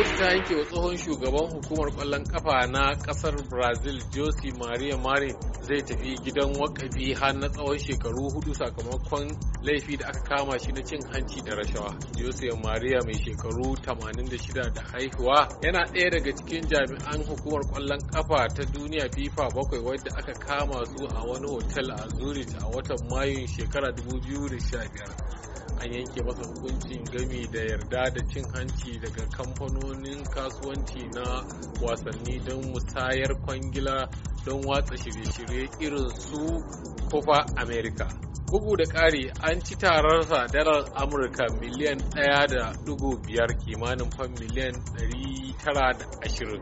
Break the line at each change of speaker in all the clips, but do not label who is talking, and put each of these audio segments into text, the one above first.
kotu ta yanke wa tsohon shugaban hukumar kwallon kafa na kasar brazil jose maria marin zai tafi gidan wakafi har na tsawon shekaru hudu sakamakon laifi da aka kama shi na cin hanci da rashawa jose maria mai shekaru 86 da haihuwa yana ɗaya daga cikin jami'an hukumar kwallon kafa ta duniya fifa bakwai wadda aka kama su a wani hotel a zurich a watan Mayu shekara 2015 an yanke masa hukuncin gami da yarda da cin hanci daga kamfanonin kasuwanci na wasanni don musayar kwangila don watsa shirye-shirye irin su kofa america bugu da ƙari an ci tararsa dalar amurka miliyan 1.5 kimanin fan miliyan 920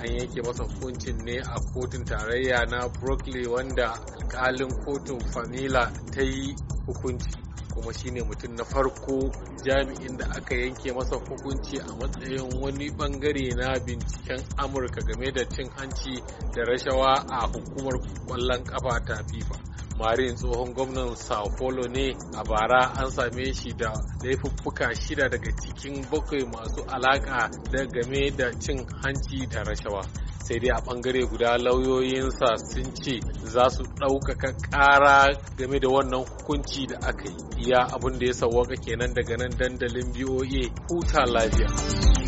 an yanke masa hukuncin ne a kotun tarayya na brooklyn wanda alkalin kotun famila ta yi hukunci kuma shine mutum na farko jami'in da aka yanke masa hukunci a matsayin wani bangare na binciken amurka game da cin hanci da rashawa a hukumar kwallon kafa ta fifa marin tsohon gwamnan sao paulo ne a bara an same shi da laifuffuka shida daga cikin bakwai masu alaka da game da cin hanci da rashawa sai dai a bangare guda lauyoyinsa sun ce za su ɗaukaka ƙara game da wannan hukunci da aka yi iya abin da ya sauwaka kenan daga nan dandalin boa huta lafiya